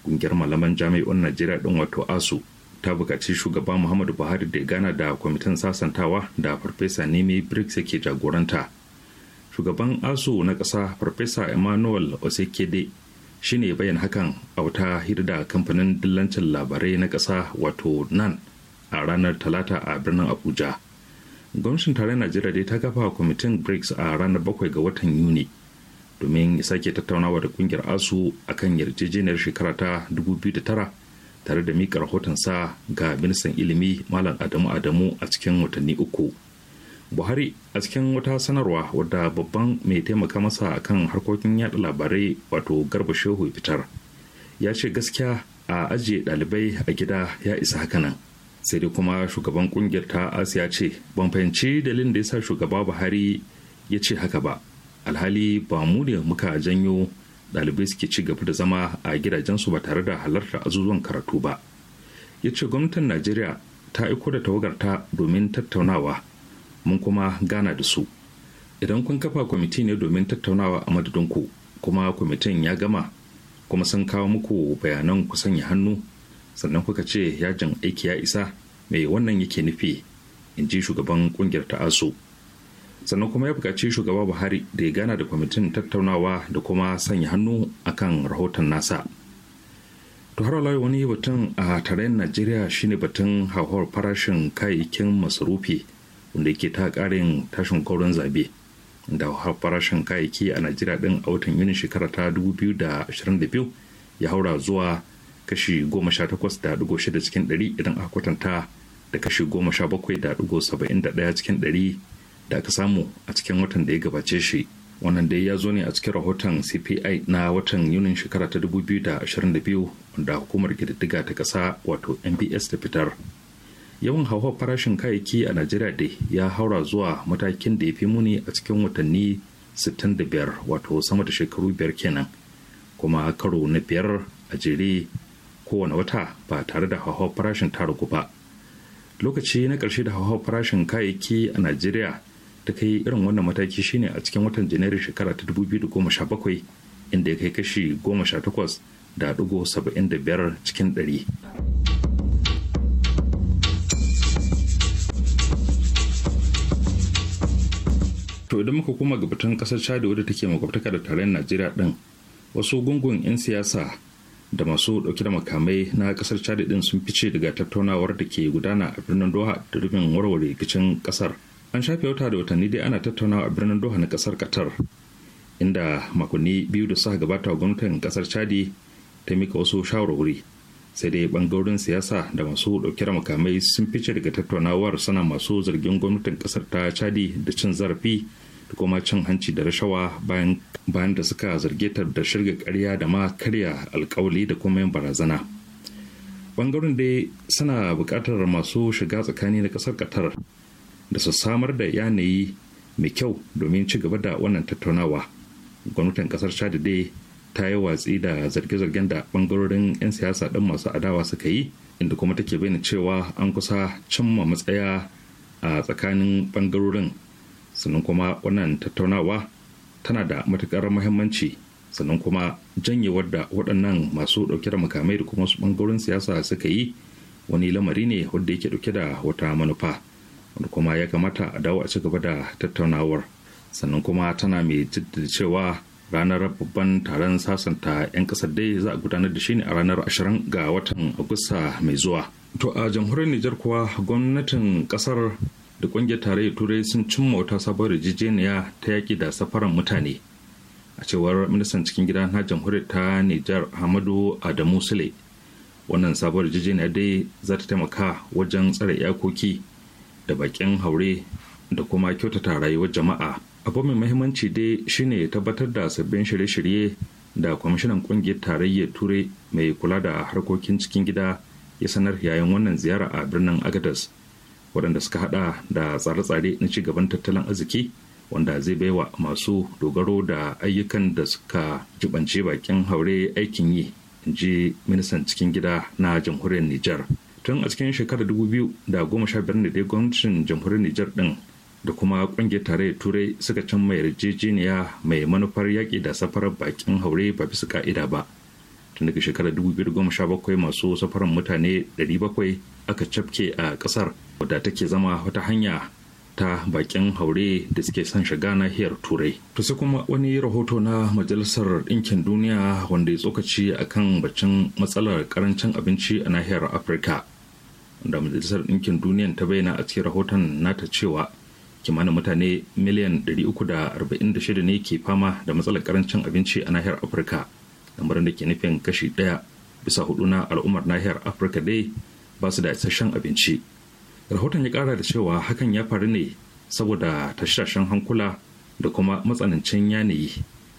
ƙungiyar malaman jami'un najeriya ɗin wato asu ta bukaci shugaba muhammadu buhari da gana da kwamitin sasantawa da farfesa Nemi brics yake jagoranta shugaban asu na ƙasa farfesa emmanuel osekede shine bayan hakan a wata hirda kamfanin dillancin labarai na ƙasa wato nan a ranar talata a birnin abuja gwamnatin tarayyar najeriya dai ta kafa kwamitin brics a ranar bakwai ga watan yuni domin ya sake tattaunawa da kungiyar asu a kan yarjejeniyar shekara ta 2009 tare da miƙa rahotonsa ga ministan ilimi malam adamu adamu a cikin watanni uku buhari a cikin wata sanarwa wadda babban mai taimaka masa kan harkokin yada labarai wato garba shehu fitar ya ce gaskiya a ajiye ɗalibai a gida ya isa haka nan sai dai kuma shugaban kungiyar ta asiya ce ban fahimci dalilin da ya sa shugaba buhari ya ce haka ba alhali ba mu ne muka janyo dalibai suke ci gaba da zama a gidajensu ba tare da halarta azuzuwan karatu ba ya ce gwamnatin najeriya ta aiko da tawagar ta domin tattaunawa mun kuma gana da su idan kun kafa kwamiti ne domin tattaunawa a madadinku kuma kwamitin ya gama kuma sun kawo muku bayanan ku sanya hannu sannan kuka ce yajin aiki ya isa mai wannan yake nufi in ji shugaban kungiyar ta aso sannan kuma ya buƙaci shugaba buhari da ya gana da kwamitin tattaunawa da kuma sanya hannu akan rahoton nasa to har wani batun a tarayyar najeriya shine batun hauhawar farashin kayayyakin masarufi wanda ke ta karin tashin koron zabe da farashin kayayyaki a najeriya din a watan yuni shekara ta 2022 ya haura zuwa kashi 18.6 cikin 100 idan aka kwatanta da kashi 17.71 cikin 100 da aka samu a cikin watan da ya gabace shi wannan dai ya zo ne a cikin rahoton cpi na watan yunin shekara ta 2022 wanda hukumar kididdiga ta ƙasa wato mbs ta fitar yawan hauhawar farashin kayayyaki a najeriya dai ya haura zuwa matakin da ya fi muni a cikin watanni 65 wato sama da shekaru biyar kenan kuma karo na biyar a jere kowane wata ba tare da hauhawar farashin ta ragu ba lokaci na ƙarshe da hauhawar farashin kayayyaki a najeriya ta kai irin wannan mataki shine a cikin watan janairu shekara ta 2017 inda ya kai kashi 18 da 75 cikin 100 to idan muka koma ga batun kasar chad wadda take makwabtaka da tarayyar najeriya din wasu gungun 'yan siyasa da masu dauke da makamai na kasar chad din sun fice daga tattaunawar da ke gudana a birnin doha da rufin warware rikicin kasar an shafe wata da watanni dai ana tattaunawa a birnin doha na kasar qatar inda makonni biyu da suka gabata gwamnatin kasar chadi ta mika wasu shawarwari sai dai bangarorin siyasa da masu dauke da makamai sun fice daga tattaunawar sana masu zargin gwamnatin kasar ta chadi da cin zarafi da kuma cin hanci da rashawa bayan da suka zarge ta da shirga karya da ma karya alkawali da kuma yin barazana bangaren dai suna buƙatar masu shiga tsakani na ƙasar qatar da su samar da yanayi mai kyau domin ci gaba da wannan tattaunawa gwamnatin ƙasar chad dai ta yi watsi da zarge-zargen da bangarorin 'yan siyasa ɗin masu adawa suka yi inda kuma take bayyana cewa an kusa cimma matsaya a tsakanin bangarorin sannan kuma wannan tattaunawa tana da matuƙar muhimmanci sannan kuma janyewar da waɗannan masu ɗauke da makamai da kuma wasu ɓangaren siyasa suka yi wani lamari ne wanda yake ɗauke da wata manufa wanda kuma ya kamata a dawo a ci gaba da tattaunawar sannan kuma tana mai jaddada cewa ranar babban taron sasanta 'yan ƙasar dai za a gudanar da shi ne a ranar ashirin ga watan agusta mai zuwa to a jamhuriyar nijar kuwa gwamnatin ƙasar. da ƙungiyar tarayyar turai sun cimma wata sabuwar rijijeniya ta yaƙi da safaran mutane a cewar ministan cikin gida na jamhuriyar ta nijar hamadu adamu sule wannan sabuwar rijijeniya dai za ta taimaka wajen tsare iyakoki da bakin haure da kuma kyautata rayuwar jama'a abu mai mahimmanci dai shine tabbatar da sabbin shirye-shirye da kwamishinan kungiyar tarayyar turai mai kula da harkokin cikin gida ya sanar yayin wannan ziyara a birnin agadas waɗanda suka haɗa da tsare-tsare na ci gaban tattalin arziki wanda zai baiwa masu dogaro da ayyukan da suka jibance bakin haure aikin yi in ji ministan cikin gida na jamhuriyar niger tun a cikin shekarar 2015 da dai gwamnatin jamhuriyar niger din da kuma kungiyar tarayyar turai suka can mai yarjejeniya mai manufar yaƙi da safarar bakin haure ba bisa ka'ida ba tun daga shekarar 2017 masu safarin mutane 700 aka cafke a kasar wadda take zama wata hanya ta bakin haure da suke son shiga nahiyar turai to sai kuma wani rahoto na majalisar ɗinkin duniya wanda ya tsokaci a kan bacin matsalar karancin abinci a nahiyar afirka wanda majalisar ɗinkin duniya ta bayyana a cikin rahoton nata cewa kimanin mutane miliyan 346 ne ke fama da matsalar karancin abinci a nahiyar afirka lamarin da ke nufin kashi ɗaya bisa hudu na al'ummar nahiyar afirka dai ba su da isasshen abinci rahoton ya kara da cewa hakan ya faru ne saboda tashashen hankula da kuma matsanancin yanayi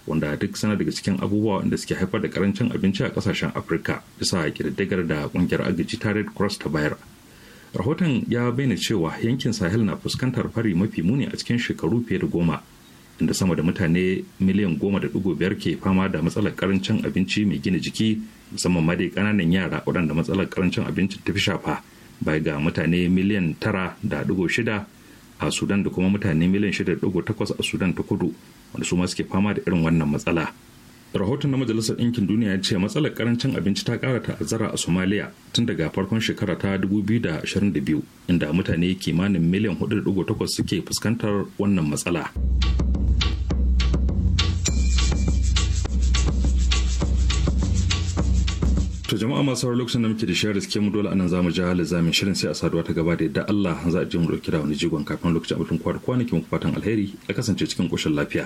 wanda duk sana daga cikin abubuwa wanda suke haifar da karancin abinci a kasashen afirka bisa kididdigar da kungiyar agaji ta red cross ta bayar rahoton ya bayyana cewa yankin sahel na fuskantar fari mafi muni a cikin shekaru fiye da goma inda sama da mutane miliyan goma da dugu biyar ke fama da matsalar karancin abinci mai gina jiki musamman ma dai kananan yara waɗanda matsalar karancin abinci ta fi shafa bai ga mutane miliyan tara da dugu shida a sudan da kuma mutane miliyan shida da dugu takwas a sudan ta kudu wanda su ma suke fama da irin wannan matsala rahoton na majalisar ɗinkin duniya ya ce matsalar karancin abinci ta ƙara ta'azzara a somaliya tun daga farkon shekara ta 2022 inda mutane kimanin miliyan 4.8 suke fuskantar wannan matsala. To jama'a masu sauraro lokacin da muke da shirin riske mu dole anan zamu ji halin zamin shirin sai a saduwa ta gaba da yadda Allah za a je mu dauki da wani jigon kafin lokacin abin kwanakin mu fatan alheri a kasance cikin koshin lafiya.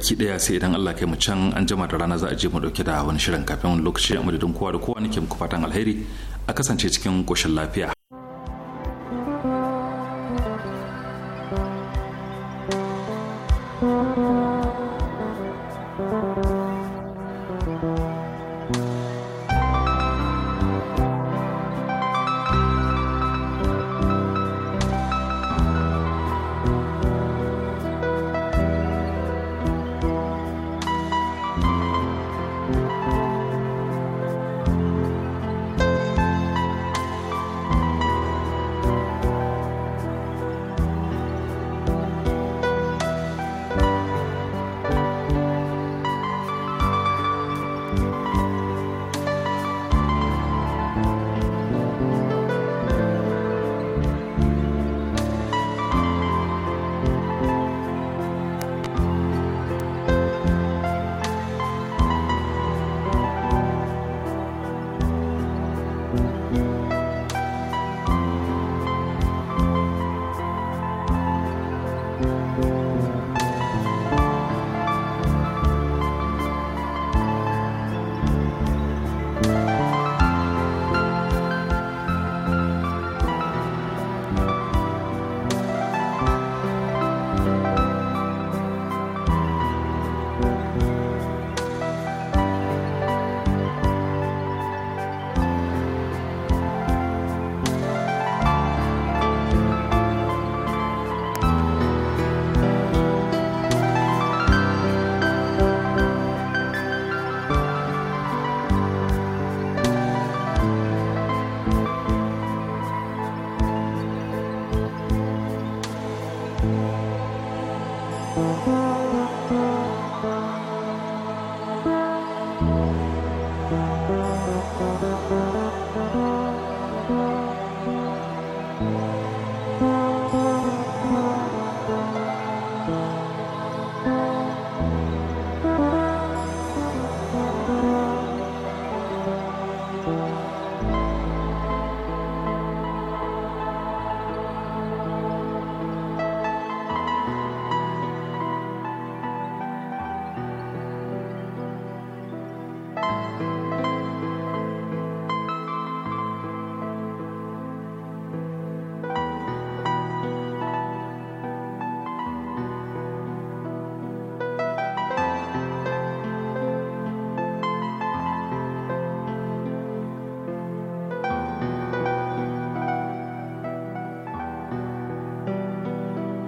baki daya sai idan Allah kai mu can an jima da rana za a je mu dauke da wani shirin kafin wani lokaci a madadin kowa da kowa nake muku fatan alheri a kasance cikin koshin lafiya